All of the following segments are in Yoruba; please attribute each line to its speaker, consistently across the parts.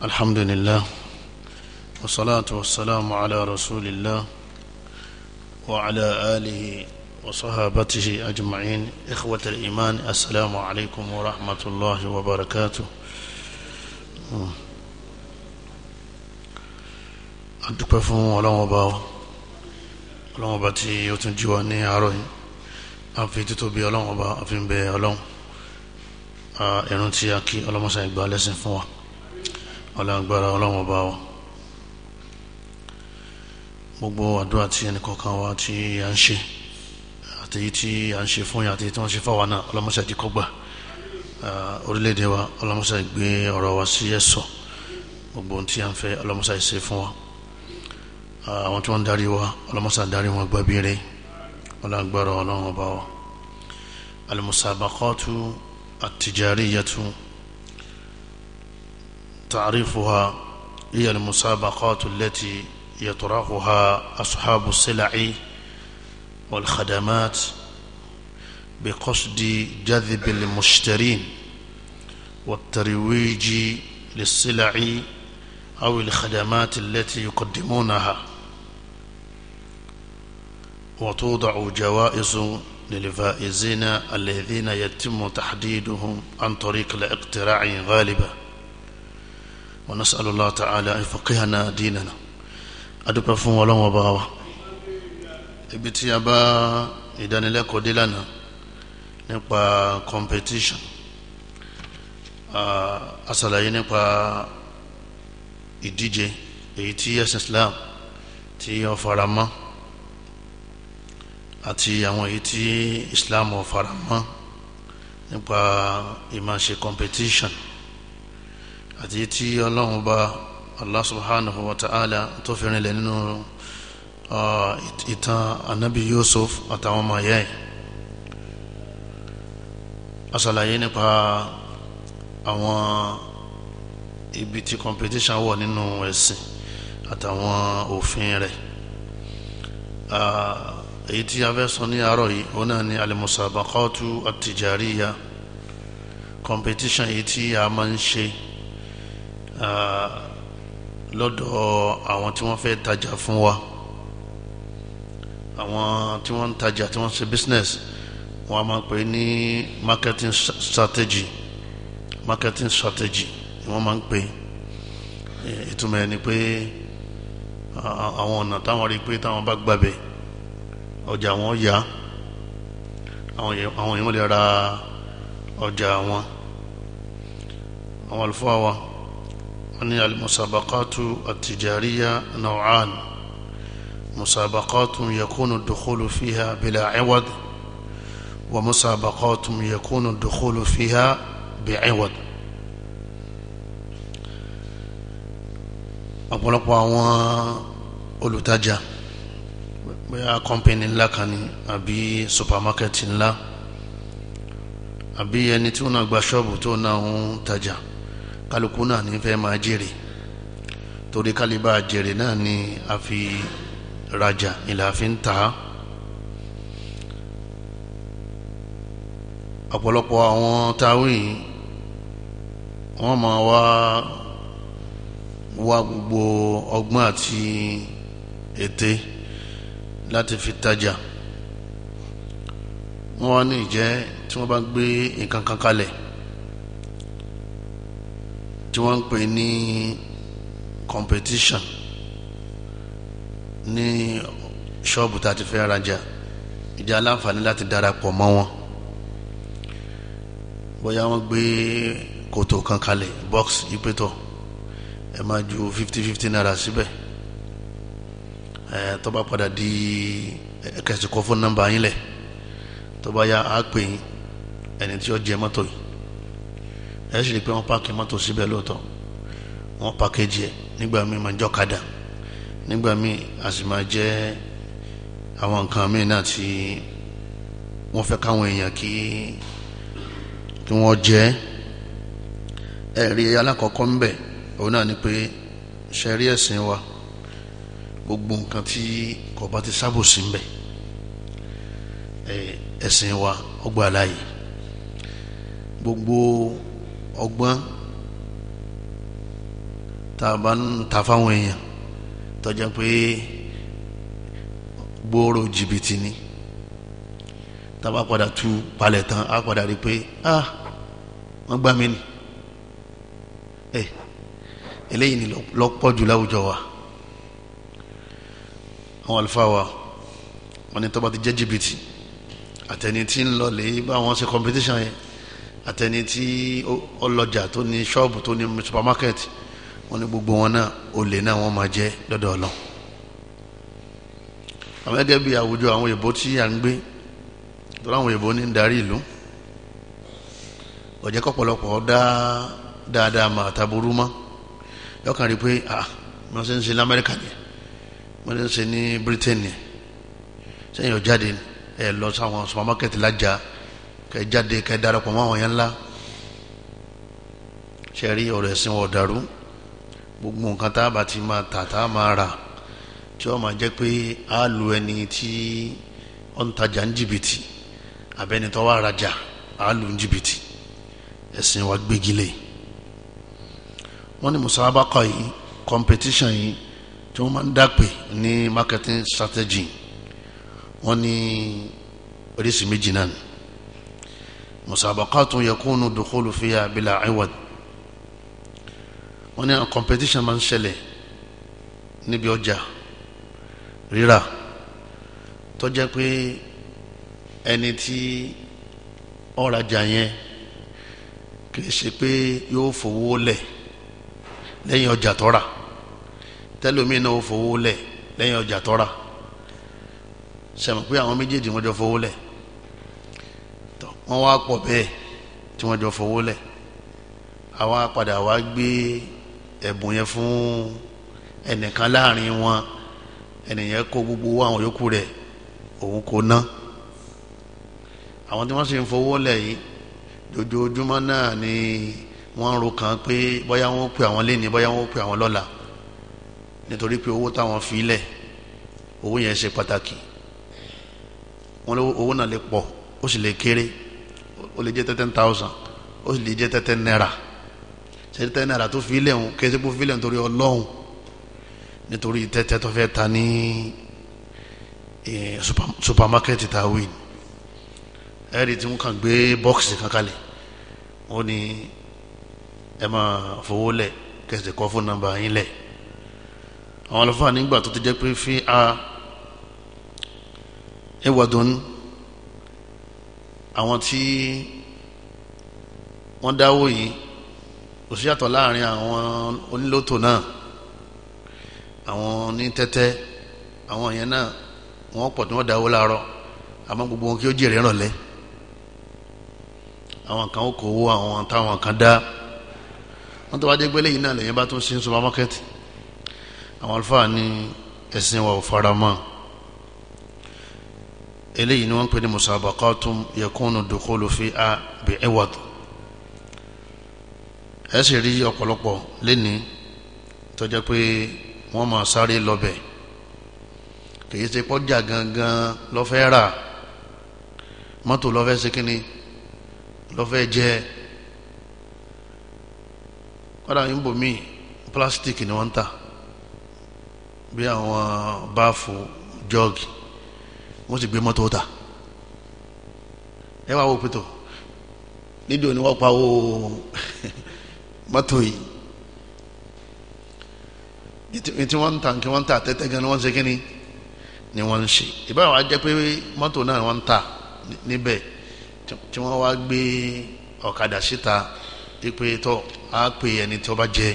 Speaker 1: الحمد لله والصلاة والسلام على رسول الله وعلى آله وصحابته أجمعين إخوة الإيمان السلام عليكم ورحمة الله وبركاته adúpẹ́ fún ọlọ́wọ́n ọba ọ ọlọ́wọ́n ọba tí ó tún jí wa ní àárọ̀ yìí a fi títóbi ọlọ́wọ́n ọba a fi ń bẹ ọlọ́wọ́n ẹ̀rùn tí a kí ọlọ́mọṣà ìgbà lẹ́sìn fún wa ọlágbára ọlọ́wọ́n wa gbogbo àdúrà tí ẹnìkọ̀ọ̀kan wa tí a ń ṣe àti tí a ń ṣe fún yà àti tí wọ́n ṣe fáwa náà ọlọ́mọṣẹ́ di kọ́gbà orílẹ̀-èdè wa ọlọ́mọṣẹ́ gbé ọ̀rọ̀ wa sí ẹ̀sọ́ gbogbo ohun tí a ń fẹ́ ọlọ́mọṣẹ́ ṣe fún wa àwọn tí wọ́n ń darí wa ọlọ́mọṣẹ́ darí wọn gbàgbé rẹ̀ ọlágbára ọlọ́wọ́n wa alimusabakọ́tù àtijáríyàtù تعريفها هي المسابقات التي يطرحها أصحاب السلع والخدمات بقصد جذب المشترين والترويج للسلع أو الخدمات التي يقدمونها وتوضع جوائز للفائزين الذين يتم تحديدهم عن طريق الاقتراع غالباً ونسأل الله تعالى أن يفقهنا ديننا adúpẹ́ fún ọlọ́run ọba wa ibi tí a bá ìdánilẹ́kọ̀ọ́ dé lánàá nípa competition a ṣàlàyé nípa ìdíje èyí tí ẹ̀sìn Islam tí ó fara mọ́ àti àwọn èyí tí Islam ó fara mọ́ nípa ìmáṣe competition. Uh, àti tí ọlọ́run bá allah subhanahu wa ta'ala tó fi rinlẹ̀ nínú ìtàn anabi yusuf àtàwọn ọmọ ìyá ẹ̀ asàlàyé nípa àwọn ibi tí competition wọ̀ nínú ẹ̀sìn àtàwọn òfin rẹ̀ èyí tí a fẹ́ sọ ní àárọ̀ yìí òun náà ni alimusabakọ́tù àtijàríya competition èyí tí a máa ń ṣe lọ́dọ̀ àwọn tí wọ́n fẹ́ tajà fún wa àwọn tí wọ́n ń tajà tí wọ́n ń ṣe business wọ́n a máa pè ní marketing strategy marketing strategy ni wọ́n máa ń pè ìtumọ̀ ẹ̀ ni pé àwọn ọ̀nà táwọn rí pé táwọn bá gbàbẹ̀ ọjà wọn yá àwọn èèyàn lè ra ọjà wọn àwọn àlùfáà wa. أن المسابقات التجارية نوعان مسابقات يكون الدخول فيها بلا عوض ومسابقات يكون الدخول فيها بعوض أقول لك أنا أولو تاجا بيا كومباني لا كاني أبي سوبر ماركت لا أبي أني تونا غباشوب تونا تاجا kálukú náà ní fẹ́ máa jèrè torí kálíbà jèrè náà ni a fi rajà ìlà fi ń ta ọ̀pọ̀lọpọ̀ àwọn táwìn wọ́n máa wá wá gbogbo ọgbọ́n àti ète láti fi tajà wọ́n wá ní ìjẹ́ tí wọ́n bá gbé nǹkan kan kalẹ̀ tí wọ́n ń pè ní competition ní ṣọ́ọ̀bù tá a ti fẹ́ rajà ìdí aláǹfààní láti darapọ̀ mọ́ wọn bóyá wọ́n gbé kòtò kan kalẹ̀ box ìpẹ́tọ̀ ẹ máa ju fifty fifty naira síbẹ̀ ẹ tó bá padà di ẹ̀kẹ́sìkọ́ fún nọ́mbà yín lẹ̀ tó bá yá á pè yín ẹni tí ó jẹ mọ́tò yìí ẹ sì rí i pé wọ́n páàkì mọ́tò síbẹ̀ lóòótọ́ wọ́n pàkéjì ẹ̀ nígbà míì máa jọ́kadà nígbà míì a sì máa jẹ́ àwọn nǹkan míì náà tí wọ́n fẹ́ káwọn èèyàn kí kí wọ́n jẹ́ ẹ̀rí alákọ̀ọ́kọ́ ń bẹ̀ òun náà ni pé ṣẹ̀rí ẹ̀sìn wa gbogbo nǹkan tí kò bá ti sábò ń bẹ̀ ẹ̀sìn wa ọgbà láàyè gbogbo ọgbọ́n tá a bá ń ta fáwọn èèyàn tọ́jà pé gbòòrò jìbìtì ni tá a bá padà tú palẹ̀ tán a padà rí i pé ah wọ́n gbá mi ni ẹ eh, eléyìí ni lọ́pọ̀ jù láwùjọ wa àwọn àlùfáà wa wọ́n ní tó bá ti jẹ́ jìbìtì àtẹni tí ń lọ lè bá ṣe competition yẹn àtẹni tí ọlọ́jà tó ní ṣọ́ọ̀bù tó ní supermarket wọn ní gbogbo wọn náà olè náà wọn máa jẹ lọ́dọ̀ ọlọ́run àwọn gẹ́gẹ́ bí àwùjọ àwọn òyìnbó tí à ń gbé tó láwọn òyìnbó ní ń darí ìlú ọ̀jẹ́ kọ́pọ̀lọpọ̀ dá dáadáa mà àtàbúrú mọ́ yọkàn rí pé ah wọ́n ṣe ń ṣe ní amẹ́ríkà ni wọ́n ṣe ń ṣe ní britain ni sẹ́yìn ọ̀jáde ẹ̀ lọ sáwọn supermarket lájà kẹ jáde kẹ darapọ̀ mọ́ àwọn yẹn ńlá ṣe rí ọ̀rọ̀ ẹ̀sìn wọ̀ dàrú gbogbo nǹkan tá a bá ti máa tà tá a máa rà tí wọ́n máa jẹ́ pé a lu ẹni tí ó ń tajà ní jìbìtì abẹ́ni tó wá rajà a lu ní jìbìtì ẹ̀sìn wa gbégi lé wọ́n ní musabaka yìí competition yìí tí wọ́n máa ń dàpè ní marketing strategy wọ́n ní oríṣi méjì náà ni مسابقات يكون الدخول فيها بلا عوض wọ́n ní competition máa ń ṣẹlẹ̀ níbi ọjà rírà tó jẹ́ pé ẹni tí ó rajà yẹn kì í ṣe pé yóò fowó lẹ̀ lẹ́yìn ọjà tó rà tẹ́lómìn náà ó fowó lẹ̀ lẹ́yìn ọjà tó rà sẹ̀mọ̀ pé àwọn méjèèjì wọ́n jọ fowó lẹ̀ wọ́n wá pọ̀ bẹ́ẹ̀ tí wọ́n jọ fọwọ́ lẹ̀ àwa padà wá gbé ẹ̀bùn yẹn fún ẹnìkan láàrin wọn ẹnìyẹn kó gbogbo àwọn yòókù rẹ̀ òun kò ná àwọn tí wọ́n sì ń fowó lẹ̀ yìí dojoojúmọ́ náà ni wọ́n ń ro kan pé bóyá wọ́n pè àwọn lé ní bóyá wọ́n pè àwọn lọ́la nítorí pé owó táwọn fi lẹ̀ owó yẹn ṣe pàtàkì wọn lówó owó náà lè pọ̀ ó sì lè kéré ó lè jẹ́ ten thousand ó lè jẹ́ ten naira ṣe ten naira tó fi lẹ́hùn kí ẹ ti kó fi lẹ́hùn torí ọlọ́hùn nítorí tẹ́tẹ́ tó fẹ́ ta ní supermarket ta win ẹ̀rí tí wọ́n kàn gbé bọ́ọ̀sì kankalẹ̀ wọ́n ní ẹ máa fowó lẹ̀ kẹsì kọ́ fún nọ́mbà yín lẹ̀ àwọn ọlọ́fà nígbà tó ti jẹ́ pé fi a ah, ẹwà dùn ní àwọn tí wọ́n dáwó yìí kò sí yàtọ̀ láàrin àwọn onílòtò náà àwọn ní tẹ́tẹ́ àwọn yẹn náà wọ́n pọ̀ tí wọ́n dáwó láàárọ̀ àmọ́ gbogbo wọn kí ó jèrè rànlẹ́ àwọn kan ó kówó àwọn táwọn kan dá wọ́n tó wá dé gbélé yìí náà lẹ́yìn bá tún sí supermarket àwọn àlùfáà ní ẹ̀sìn wa ò fara mọ́ ọ eléyìí ni wọ́n ń pè ní musabaqatum yakunu a fi'a bi'iwad ẹ sì rí ọ̀pọ̀lọpọ̀ lẹ́ni tó jẹ́ pé wọ́n máa sáré lọ́bẹ̀ kìí ṣe pọ́jà gangan lọ́fẹ́ rà mọ́tò lọ́fẹ́ síkíní lọ́fẹ́ jẹ́ kọ́dà yìnbó míì plastic ni wọ́n ń tà bí àwọn báàfù jọ́ọ̀gì wọ́n sì gbé mọ́tò ta ẹ wá wo pétò nídìí òní wọ́n pa wo mọ́tò yìí tí wọ́n ń ta kí wọ́n ń ta tẹ́tẹ́ gan ni wọ́n ń ṣe kínní ni wọ́n ń ṣe ìbáwọ̀ á jẹ́ pé mọ́tò náà wọ́n ń ta níbẹ̀ tí wọ́n wá gbé ọ̀kadà síta pípé tó á pè ẹni tó bá jẹ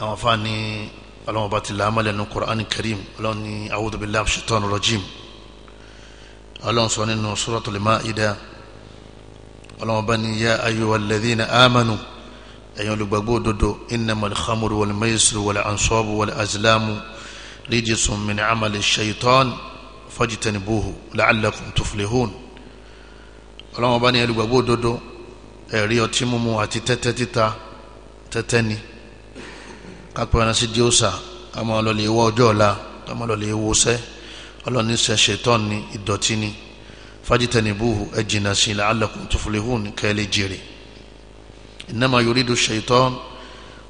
Speaker 1: àwọn afáàní ọlọ́wọ́n bá ti làámàlẹ̀ nu Qur'an karim ọlọ́wọ́n ní a'udhu billahi minash shaitani rajim ọlọ́wọ́n sọ nínú suratul Ma'ida ọlọ́wọ́n bá ní ya ayyuhal ladhina amanu ẹ̀yin olùgbàgbọ́ òdodo innamal khamru wal maisiru wal ansabu wal azlamu rijsun min amali shaitan fajtanibuhu la'allakum tuflihun ọlọ́wọ́n bá ní olùgbàgbọ́ òdodo ẹ̀rí ọtí mímu àti tẹ́tẹ́ títa tẹ́tẹ́ ni kápẹ́rẹ́ sí díòsà ká máa lọ lè wá ọjọ́ ọ̀la ká máa lọ lè wo sẹ́ ọlọ́ni sẹ́ ṣetán ni ìdọ̀tí ni fajitanibuhu ẹ jìnnà sí la'allakum tuflihun kẹ́lẹ́ jèrè innama yuridu ṣetán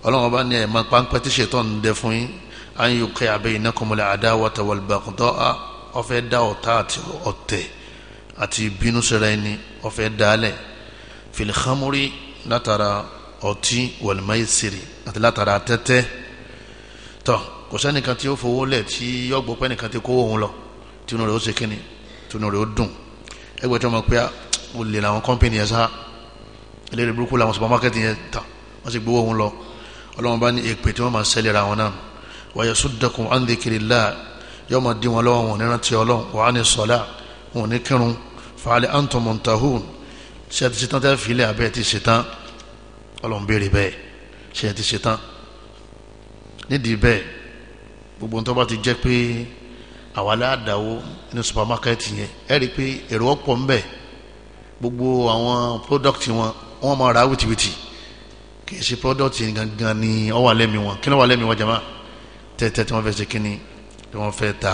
Speaker 1: ọlọ́run bá ní ẹ̀ máa pàǹpẹ́ tí ṣetán ń dẹ fún yín à ń yọkẹ́ bainakumul adawata wal baghdha'a ọ̀fẹ́ ọtí wọlùmọ́yẹsẹ̀rì àti látara tẹ́tẹ́ tọ́ kò sẹ́nìkan tí ó fowó lẹ̀ tí yọ̀gbọ́ pẹ́ nìkan ti kówó òun lọ tinú rẹ̀ ó ṣe kínni tinú rẹ̀ ó dùn ẹgbẹ́ tí wọ́n mọ̀ pé ó ah, lè làwọn kọ́ńpìnì yẹn sá eléré burúkú làwọn supermarket yẹn tà wọ́n sì gbowó òun lọ ọlọ́run bá ní èpè tí wọ́n máa ṣẹlẹ̀ ra wọn náà wàyẹ̀ sódàkùn andékirilá yóò máa dí wọn lọ́wọ́ wọn níran tí ọlọ́run wà á ní sọ́lá wọn ní kírun fàálẹ̀ antomontahun ṣe ti ṣetán tẹ́ abẹ́ ti ṣetán ọlọ́run béèrè bẹ́ẹ̀ ṣe ẹ ti ṣe tán nídìí bẹ́ẹ̀ gbogbo nǹkan bá ti jẹ́ pé àwa aláàdáwó ní supermarket yẹn ẹ rí i pé èrò ọ̀pọ̀ ń bẹ gbogbo àwọn product wọn wọ́n máa ra wìtìwìtì kì í ṣe product gangan ni ó wà lẹ́mìí wọn kí ló wà lẹ́mìí wọn jama tẹ́tẹ́ tí wọ́n fẹ́ ṣe kínní tí wọ́n fẹ́ ta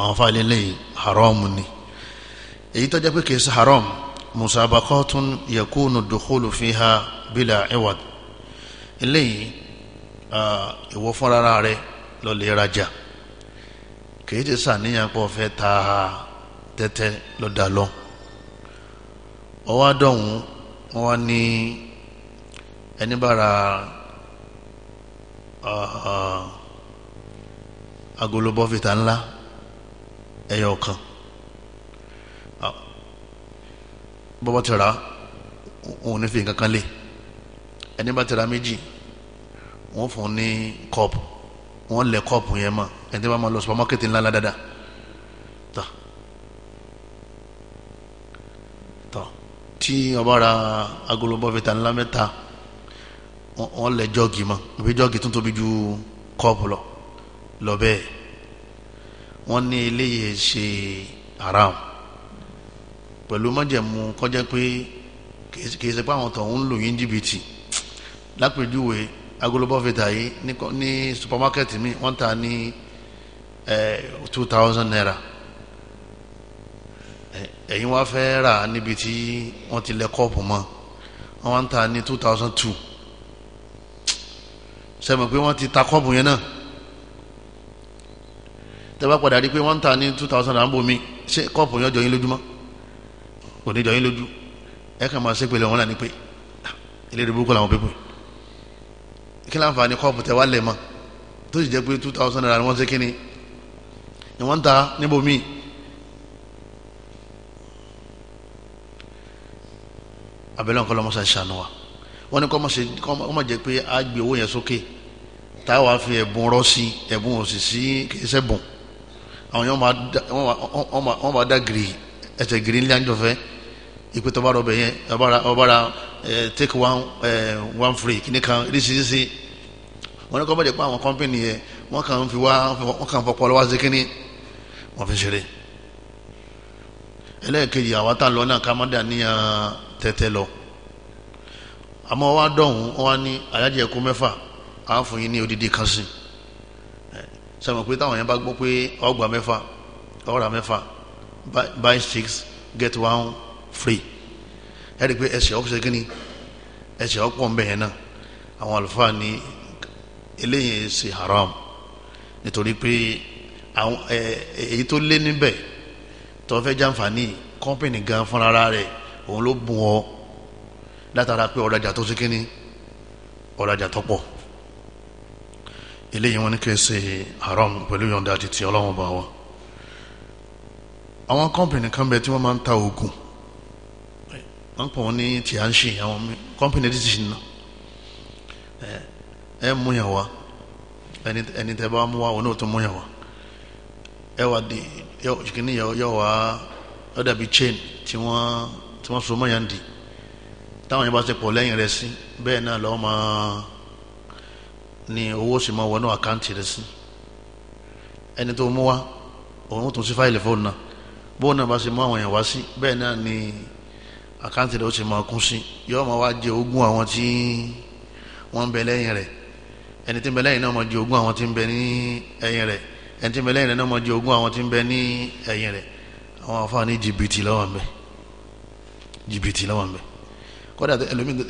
Speaker 1: àwọn fáìlì lẹ́yìn haram ni èyí tó jẹ́ pé kì í ṣe haram مسابقات يكون الدخول فيها بلا عوض eléyìí ìwọ fúnra rẹ lọ lè rajà kìí ti sàníyàn pọ̀ fẹ́ ta tẹ́tẹ́ lọ́dà lọ ọwọ́ àdọ̀hún wọn wá ní ẹni bára agolo ńlá ẹyọ kan bọ́bá ti ra òun ní fi nǹkan kan lé ẹni bá ti ra méjì wọ́n fún un ní kọ́ọ̀pù wọ́n lẹ̀ kọ́ọ̀pù yẹn mọ́ ẹni bá máa lọ supermarket ńlá ńlá dáadáa tọ́ tọ́ tí ọba ra agolo bọ́fìtà ńlá mẹ́ta wọ́n lẹ̀ jọ́ọ̀gì mọ́ òbí jọ́ọ̀gì tún tóbi ju kọ́ọ̀pù lọ lọ bẹ́ẹ̀ wọ́n ní eléyìí ṣe haram pẹ̀lú májẹ̀mú kọjá pé kìí ṣe pé àwọn tó ń lò yín jìbìtì lápèjúwe agolobọ́fẹ̀tà yìí ní supermarket mi wọ́n ta ní two thousand naira ẹ̀yin wá fẹ́ rà níbi tí wọ́n ti lẹ kọ́ọ̀pù mọ́ wọ́n wá ta ní two thousand two sẹ́mi pé wọ́n ti ta kọ́ọ̀pù yẹn náà tẹ́ bá padà rí i pé wọ́n ta ní two thousand and bomi ṣé kọ́ọ̀pù yẹn jọ yín lójúmọ́ kò ní jọyín lójú ẹ kàn máa ṣépele wọn náà ní pé ah, eléré burúkú làwọn pépè kí láǹfààní kọ́ọ̀pù tẹ wá lẹ̀ mọ́ tó sì jẹ́ pé two thousand naira ni wọ́n ṣe kí ni ni wọ́n ń ta níbo míì abẹ́lẹ́ nǹkan lọ́mọ́sá ṣàánú wa wọ́n ní kọ́ mọ̀ jẹ́ pé a gbé owó yẹn sókè táwa fi ẹ̀bùn rọ́ sí ẹ̀bùn òsì sí kìí ṣẹ̀bùn àwọn yẹn wọ́n máa dá gírì ẹsẹ̀ gírí ńlá ń jọfẹ́ ìpè tó bá rọ bẹ̀ yẹn ọbára take one one free kìnnì kan ríṣiríṣi wọn ní kọ́ bẹ́ẹ̀ pé àwọn company, yẹn wọ́n kàn fi wá wọ́n kàn fọpọ́ lọ́wọ́ sí kínní wọ́n fi ṣeré ẹlẹ́ẹ̀kejì àwa tá a lọ náà ká má dà níyàn tẹ́tẹ́ lọ àmọ́ wa dọ̀hún wa ní àyájẹ́ ẹ̀kọ́ mẹ́fà á fún yín ní odidi kan sí sọ táwọn yẹn bá gbọ́ pé ọgbà mẹ́fà ọ̀rà mẹ́fà buy six get one free ẹ rí i pé ẹsẹ̀ ọ̀pọ̀ ṣẹ́gi ni ẹsẹ̀ ọ̀pọ̀ ń bẹ̀ yẹn náà àwọn àlùfáà ní eléyìí ṣe haram nítorí pé àwọn èyí tó lé níbẹ̀ tó fẹ́ jàǹfààní kọ́ńpìnì gan fúnra rẹ̀ òun ló bùn ọ látara pé ọ̀rajà tó ṣe kí ni ọ̀rajà tó pọ̀ eléyìí wọn ní kí ẹ ṣe haram pẹ̀lú yọ̀ǹda àti ti ọlọ́run bá wọn àwọn kọ́mpìnì kan bẹ tí wọ́n máa ń ta oògùn wọ́n pọ̀ wọ́n ní Tianxin àwọn kọ́mpìnì ti ṣì ná ẹ mú yàn wá ẹni tẹ bá mú wá òun náà tó mú yàn wá ẹ wà di kìíní yọ wá ọ dàbí chain tí wọ́n tí wọ́n so mọ́ yàn dì táwọn yẹn bá ti pọ̀ lẹ́yìn rẹ sí bẹ́ẹ̀ náà lọ́wọ́ máa ní owó sì máa wọnú àkáǹtì rẹ sí ẹni tó mú wá òun tó sí fáìlì fóònù náà bóun náà bá ṣe mú àwọn èèyàn wá sí bẹ́ẹ̀ náà ni àkáǹtì rẹ̀ ó ṣe máa kún sí yóò máa wá jẹ ogún àwọn tí wọ́n ń bẹ lẹ́yìn rẹ̀ ẹni tí ń bẹ lẹ́yìn náà máa jẹ ogún àwọn tí ń bẹ ní ẹ̀yìn rẹ̀ ẹni tí ń bẹ lẹ́yìn náà máa jẹ ogún àwọn tí ń bẹ ní ẹ̀yìn rẹ̀ àwọn afáà ní jìbìtì lọ́wọ́ ń bẹ jìbìtì lọ́wọ́ ń bẹ kódà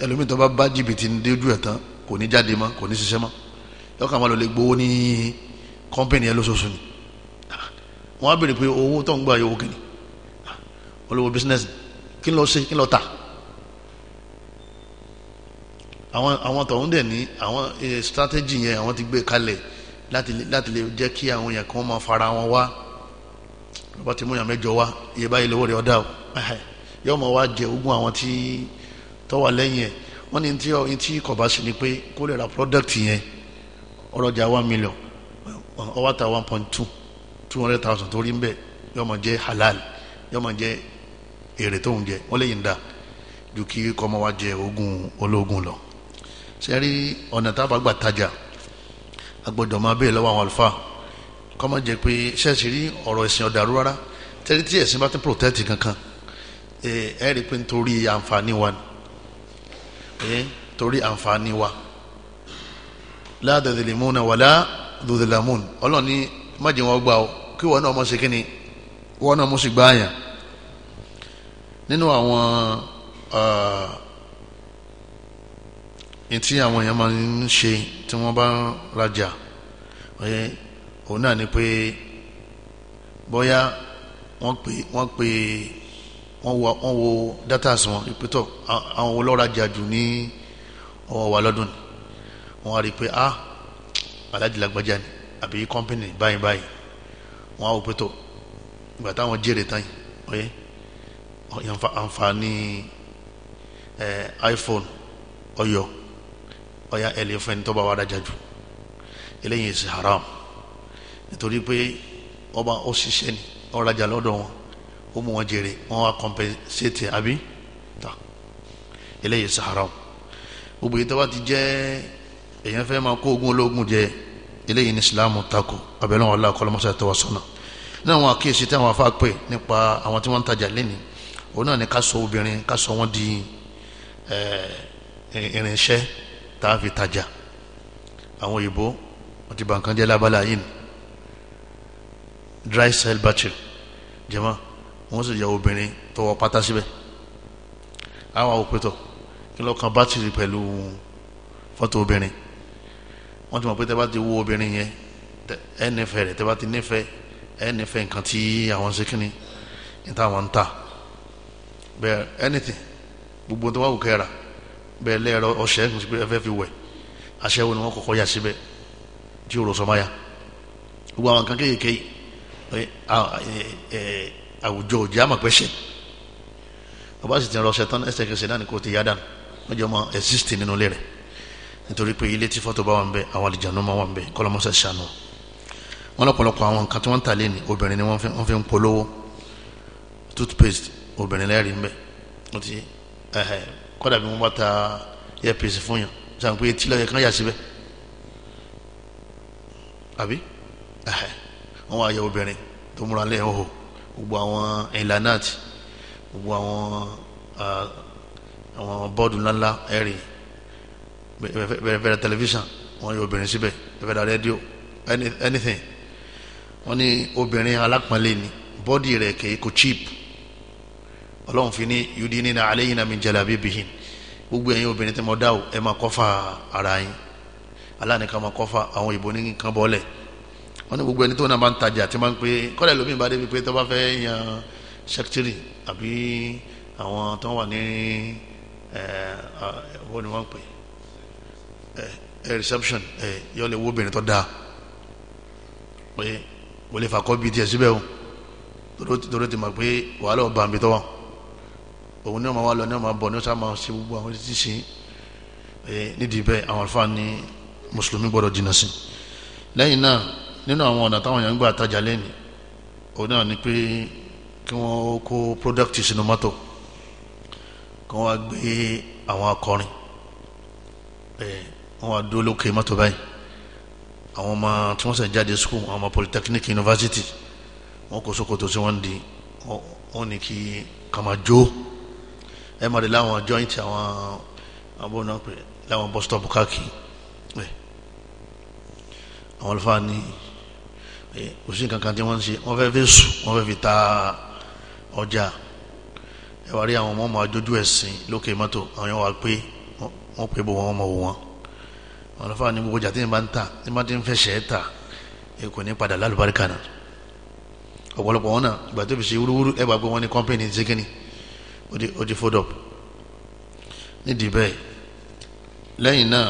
Speaker 1: ẹlòmíì tó bá bá jìbìtì dójú ẹ̀ tán kò ní jáde mọ́ kò ní ṣiṣẹ́ mọ́ yọkàn wọ́n á béèrè pé owó tó ń gbà yòówó kìíní olówó bísínẹ́sì kí ló ṣe kí ló ta àwọn àwọn tọ̀hún dẹ̀ ní àwọn strategy yẹn àwọn ti gbé kalẹ̀ láti láti lè jẹ́ kí àwọn èèyàn kan máa fara wọn wá lọ́ba ti mú èèyàn mẹ́jọ wá iye báyìí lówó rẹ̀ ọ̀dà o yóò máa wá jẹ ogún àwọn tí tó lẹ́yìn ẹ̀ wọ́n ní tí tí kò bá sí ni pé kó product yẹn ọ̀rọ̀jà one million ó wá ta one point two two hundred thousand tó rí ń bẹ yóò máa jẹ́ halal yóò máa jẹ́ èrè tó ń jẹ wọ́n lè yín da ju kí kọ́mọ wa jẹ ogún ológun lọ sẹ́rí ọ̀nà tá a bá gbà tajà a gbọ́dọ̀ máa bẹ́ẹ̀ lọ́wọ́ àwọn àlùfáà kọ́mọ jẹ pé ṣẹ́ẹ̀sì rí ọ̀rọ̀ ẹ̀sìn ọ̀dàrú rárá tẹ́lẹ̀ tí ẹ̀sìn bá ti protect kankan ẹ rí i pé nítorí àǹfààní wa torí àǹfààní wa la tadlimuna wala tudlamun ọlọ́ọ̀ni má jẹ́ gbà o kí wọn náà mọ̀ sí kíni wọn náà mọ̀ sí gbáàyà nínú àwọn etí àwọn èèyàn máa ń ṣe tí wọ́n bá ń rajà òun náà ni pé bóyá wọ́n pè wọ́n pè wọ́n wo wọ́n wo dátà sí wọn pé tọ́ àwọn wo lọ́ọ́ rajà jù ní ọwọ́ wa lọ́dún ni wọ́n á rí i pé ah alájìlágbájá ni àbí kọ́ńpìnì báyìí báyìí wọn á wò pé tó ìgbà táwọn jèrè tán ọyẹ àǹfààní ẹ iphone ọyọ ọyà ẹlẹfẹni tó bá wà dájà jù eléyìí ṣe haram nítorí pé ọba ó ṣiṣẹ́ ni ọ̀rajà lọ́dọ̀ wọn ó mú wọn jèrè wọn wá compensate àbí ta eléyìí ṣe haram gbogbo yìí tó bá ti jẹ́ èèyàn fẹ́ máa kó ogun ológun jẹ eléyìí ní Islam tako abẹ́lẹ́wọ̀n ọlá kọ́lọ́mọ́sá tó wà sọ́nà náà àwọn àkíyèsí tí àwọn afá pè nípa àwọn tí wọ́n ń tajà lẹ́ni òun náà ni ká sọ obìnrin ká sọ wọ́n di eh, irinṣẹ́ tá a fi tajà àwọn òyìnbó wọ́n ti bà nǹkan lábala yìí dry cell battery jẹ́mọ́ wọ́n sì yà obìnrin tọwọ́ pátá síbẹ̀ àwọn òpétọ̀ kí lọ́kàn bátìrì pẹ̀lú fọ́tò obìnrin wọ́n ti mọ̀ pé tẹ́ bá ti wo obìnrin yẹn ẹ nífẹ̀ẹ́ rẹ̀ bá ti nífẹ̀ẹ́ ẹni fẹ́ nǹkan tí àwọn ṣe kínní ní táwọn ta bẹ́ẹ̀ anything gbogbo tó wà wù kẹ́ra bẹ́ẹ̀ lẹ́ẹ̀rọ ọ̀sẹ̀ ẹ̀ fẹ́ fi wẹ̀ aṣẹ́wó ni wọ́n kọ́kọ́ yà síbẹ̀ tí o rò sọmáyà gbogbo àwọn kan kéèké àwùjọ òjì àmàpẹ́sẹ̀ ọba sì ti rọ ṣetán ẹsẹ̀kẹsẹ̀ náà ni kò ti yá dànù wọ́n jọ máa exist nínú ilé rẹ̀ nítorí pé ilé tí fọ́tò bá wà ń bẹ àwọn àlìjànú máa wà ń bẹ kọ́lọ́mọṣẹ́ ṣàánú wọn lọ́pọ̀lọpọ̀ àwọn nǹkan tí wọ́n ń tà lẹ́nu obìnrin ni wọ́n fi ń polówó toothpaste obìnrin lẹ́rìí mbẹ́ wọ́n ti ẹ̀hẹ̀ kọ́dà bí wọ́n bá ta earpiece fún yàn sàn pé etí lọ́yẹ̀ kan yà síbẹ̀ àbí ẹ̀hẹ̀ wọ́n wá yẹ obìnrin tó múra lẹ́yìn ọ̀họ̀ gbogbo àwọn ìlànà àti gbogbo àwọn àwọn bọ́ọ̀dù ńláńlá ẹ̀rì bẹ̀rẹ̀ tẹlifíṣàn wọ́n yẹ obìnrin síbẹ̀ bẹ̀rẹ̀ rédíò anything wọ́n ní obìnrin alápọ̀nlé ni bọ́dì rẹ̀ kì í kò cheap ọlọ́run fi ní yudinina alayhina min jalabibihin gbogbo ẹ̀yin obìnrin tí mo dá o ẹ máa kọ́fà ara yín aláǹkan máa kọ́fà àwọn ìbò ní nǹkan bọ́ọ̀lẹ̀ wọ́n ní gbogbo ẹni tó náà máa ń tajà tí máa ń pé kọ́lẹ̀ lómi ìbá débi pé tó bá fẹ́ yan sẹ́kítírì àbí àwọn tó wà ní wọ́n ni wọ́n ń pè ẹ reception ẹ yọ lè wo obìnrin tó dáa pé kò lè fakọ́ bíi tiẹ̀ síbẹ̀ o tóró ti mọ̀ pé wàhálà ọba àbí tọ́wọ́ òun ní ọmọ wa lọ ní ọmọ bọ̀ ní ọ̀sán máa ṣe gbogbo àwọn títí sí nídìí bẹ́ẹ̀ àwọn àlùfáà ní mùsùlùmí gbọ́dọ̀ jìnnà sí lẹ́yìn náà nínú àwọn ọ̀nà táwọn èèyàn ń gbà tajà lẹ́nu òun náà ni pé kí wọ́n kó product sínú mọ́tò kí wọ́n wá gbé àwọn akọrin wọ́n wá dúró lókè mọ́tò báyìí àwọn ọmọ tí wọ́n sẹ̀ jáde school àwọn ọmọ polytechnic university wọ́n kó ṣòkòtò tí wọ́n ń di wọ́n ní kí kàmájó ẹ máa di láwọn joint àwọn abóná pé láwọn bus stop káàkiri àwọn alfa ní kò sí kankan tí wọ́n ń ṣe wọ́n fẹ́ fi sùn wọ́n fẹ́ fi ta ọjà ẹ wá rí àwọn ọmọ ọmọ àjọjú ẹ̀sìn lókè mọ́tò àwọn yẹn wá pé wọ́n pè bó wọn ọmọ wọn àwọn afa ni gbogbo jàdí bá ń ta ní má ti ń fẹ́ sẹ́ ta kò ní padà lálùbáríkà náà ọ̀pọ̀lọpọ̀ wọn náà ìgbà tó fi ṣe wúrúwúrú ẹ̀ bá gbé wọn ní kọ́mpìnì ti kíni ó ti fold up nídìí bẹ́ẹ̀ lẹ́yìn náà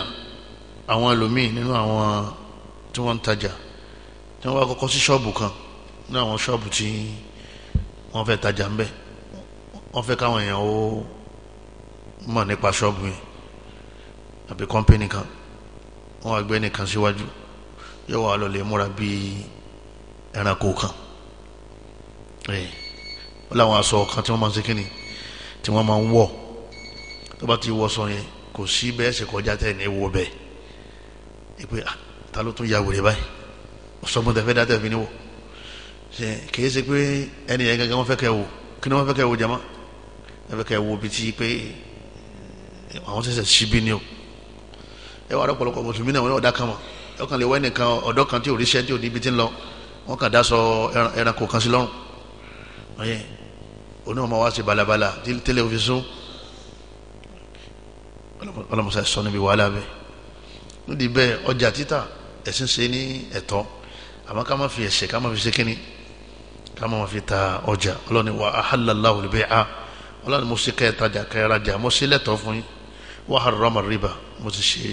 Speaker 1: àwọn ẹlòmíì nínú àwọn tí wọ́n ń tajà tí wọ́n wá kọ́kọ́ sí ṣọ́ọ̀bù kan ní àwọn ṣọ́ọ̀bù tí wọ́n fẹ́ tajà ń bẹ̀ wọ́n fẹ́ káwọn èèyàn ó mọ̀ nípa ṣọ́ọ̀bù yẹn àbí kọ́mpìnì kan wọn àgbẹ̀ nìkan síwájú yóò wà lọ́lẹ̀ múra bíi ẹranko kan wọ́n láwọn aṣọ kan tí wọ́n máa ń ṣe kínní tí wọ́n máa ń wọ̀ tó bá ti wọ sọ yẹn kò sí bẹ́ẹ̀ ṣe kọjá tẹ̀ ní wo bẹ́ẹ̀ ẹ pé ah, ta ló tún ya wèrè báyìí ọ̀sọ́gbọ́n tẹ̀ fẹ́ dá tẹ̀ fi ní wọ̀ ṣe kì í ṣe pé ẹni yẹn gẹ́gẹ́ wọ́n fẹ́ kẹ́ wò kí ni wọ́n fẹ́ kẹ́ wò jama ẹ fẹ́ kẹ́ wò bí ti pé àwọn ṣẹ̀ṣẹ̀ ṣí ni o ẹ wà lọ́pọ̀lọpọ̀ mùsùlùmí náà wọ́n ọ̀dà kan mọ̀ ọkàn lè wá ẹnìkan ọ̀dọ́ kan tí ò ríṣẹ́ tí ò níbi tí ń lọ wọ́n kàn dá sọ ẹranko kan sí lọ́rùn ọ̀yẹ́ oní ọmọ wa ṣe balabala tẹ́lẹ̀ òfin sún ọlọ́mọṣà sọ níbi wàhálà bẹ́ẹ̀ níbi bẹ́ẹ̀ ọjà títà ẹ̀sìn ṣe ní ẹ̀tọ́ àmọ́ ká má fi ẹ̀ṣẹ̀ ká má fi ṣe kínní ká má fi ta ọjà ọlọ́ni wa ahallallahu al-bay'a ọlọ́ni mo ṣe kẹ́ẹ̀tajà kẹ́ẹ̀rajà mo ṣe lẹ́tọ̀ọ́ fún yín wa harrama riba mo ti ṣe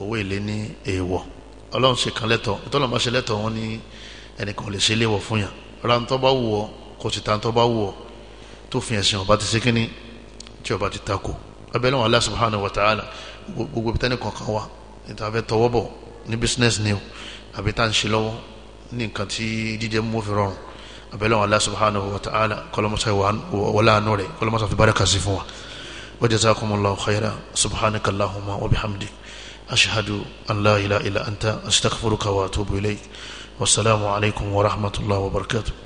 Speaker 1: owó èlé ní èèwọ̀ ọlọ́run ṣe kan lẹ́tọ̀ ìtọ́lọ́run bá ṣe lẹ́tọ̀ wọn ní ẹnìkan lè ṣe léwọ̀ fún yàn ra ń tọ́ bá wù ọ́ kò sì ta ń tọ́ bá wù ọ́ tó fi ẹ̀sìn ọba ti ṣe kínní tí ọba ti takò abẹ́lẹ́ wọn Allah subhanahu wa ta'ala gbogbo ibi tẹ́ni kankan wa níta fẹ́ tọwọ́ bọ̀ ní bísínẹ́sì ni o àbí tá à ń ṣe lọ́wọ́ ní nǹkan tí jíjẹ mú fi rọrùn abẹ́lẹ́ wọn Allah subhanahu wa ta'ala kọlọmọsá wọlé àánú rẹ̀ kọlọmọsá fi bára kà fún wa. وجزاكم الله خيرا سبحانك اللهم وبحمدك أشهد أن لا إله إلا أنت أستغفرك وأتوب إليك والسلام عليكم ورحمة الله وبركاته